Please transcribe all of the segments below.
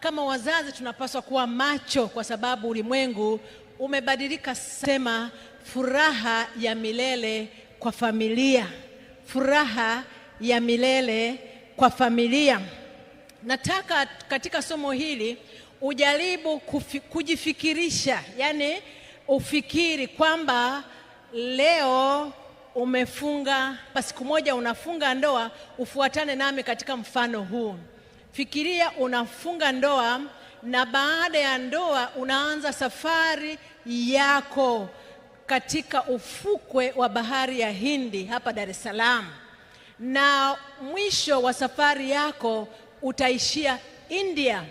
kama wazazi tunapaswa kuwa macho, kwa sababu ulimwengu umebadilika. Sema furaha ya milele kwa familia, furaha ya milele kwa familia. Nataka katika somo hili ujaribu kufi, kujifikirisha, yani ufikiri kwamba leo umefunga siku moja unafunga ndoa. Ufuatane nami katika mfano huu. Fikiria unafunga ndoa na baada ya ndoa unaanza safari yako katika ufukwe wa bahari ya Hindi hapa Dar es Salaam, na mwisho wa safari yako utaishia India,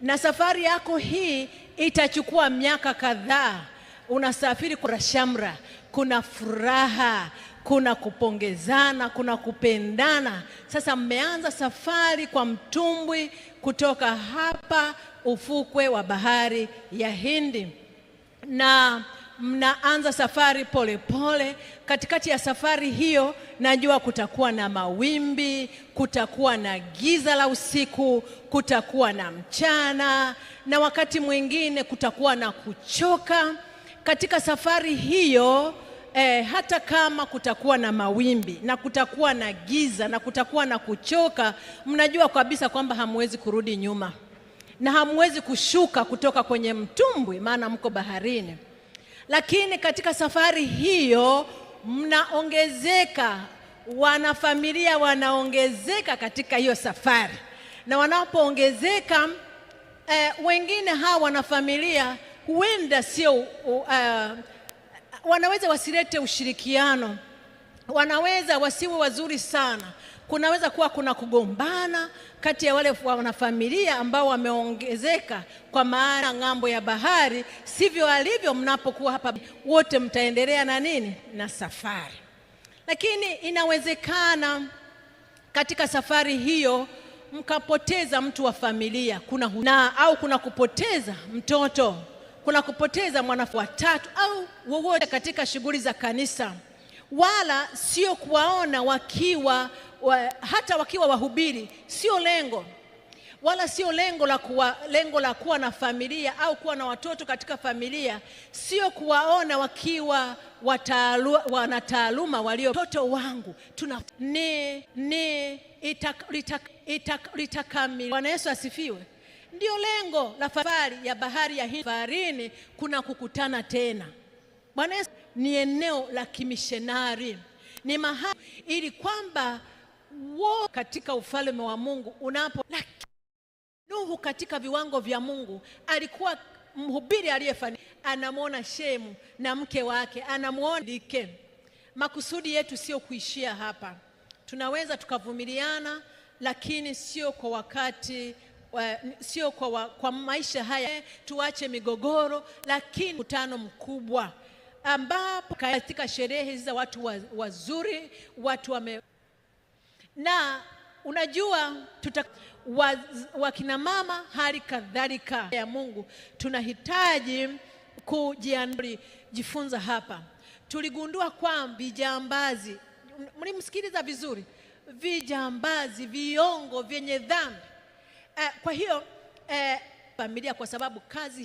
na safari yako hii itachukua miaka kadhaa unasafiri, kuna shamra, kuna furaha, kuna kupongezana, kuna kupendana. Sasa mmeanza safari kwa mtumbwi kutoka hapa ufukwe wa bahari ya Hindi na mnaanza safari polepole pole. Katikati ya safari hiyo, najua kutakuwa na mawimbi, kutakuwa na giza la usiku, kutakuwa na mchana, na wakati mwingine kutakuwa na kuchoka katika safari hiyo eh, hata kama kutakuwa na mawimbi na kutakuwa na giza na kutakuwa na kuchoka, mnajua kabisa kwamba hamwezi kurudi nyuma na hamwezi kushuka kutoka kwenye mtumbwi, maana mko baharini. Lakini katika safari hiyo mnaongezeka, wanafamilia wanaongezeka katika hiyo safari, na wanapoongezeka eh, wengine hawa wanafamilia huenda sio uh, wanaweza wasilete ushirikiano, wanaweza wasiwe wazuri sana. Kunaweza kuwa kuna kugombana kati ya wale wanafamilia ambao wameongezeka, kwa maana ng'ambo ya bahari, sivyo alivyo mnapokuwa hapa, wote mtaendelea na nini na safari. Lakini inawezekana katika safari hiyo mkapoteza mtu wa familia kuna huna, au kuna kupoteza mtoto kuna kupoteza mwanafunzi watatu au wowote katika shughuli za kanisa, wala sio kuwaona wakiwa wa, hata wakiwa wahubiri, sio lengo wala sio lengo la kuwa, lengo la kuwa na familia au kuwa na watoto katika familia, sio kuwaona wakiwa wanataaluma walio watoto wangu tuna ni, ni, itakamilika. Bwana Yesu asifiwe. Ndio lengo la safari ya bahari ya Hindi. Baharini kuna kukutana tena. Bwana Yesu ni eneo la kimishenari ni mahali ili kwamba wo katika ufalme wa Mungu unapo. Nuhu katika viwango vya Mungu alikuwa mhubiri aliyefanya, anamwona Shemu na mke wake, anamwona dike. Makusudi yetu sio kuishia hapa, tunaweza tukavumiliana, lakini sio kwa wakati sio kwa, wa, kwa maisha haya tuache migogoro, lakini mkutano mkubwa ambapo katika sherehe hizi za watu wazuri wa watu wame na unajua tuta wakina mama hali kadhalika ya Mungu tunahitaji kujifunza jifunza hapa. Tuligundua kwamba vijambazi, mlimsikiliza vizuri, vijambazi, viongo vyenye dhambi Eh, kwa hiyo eh, familia kwa sababu kazi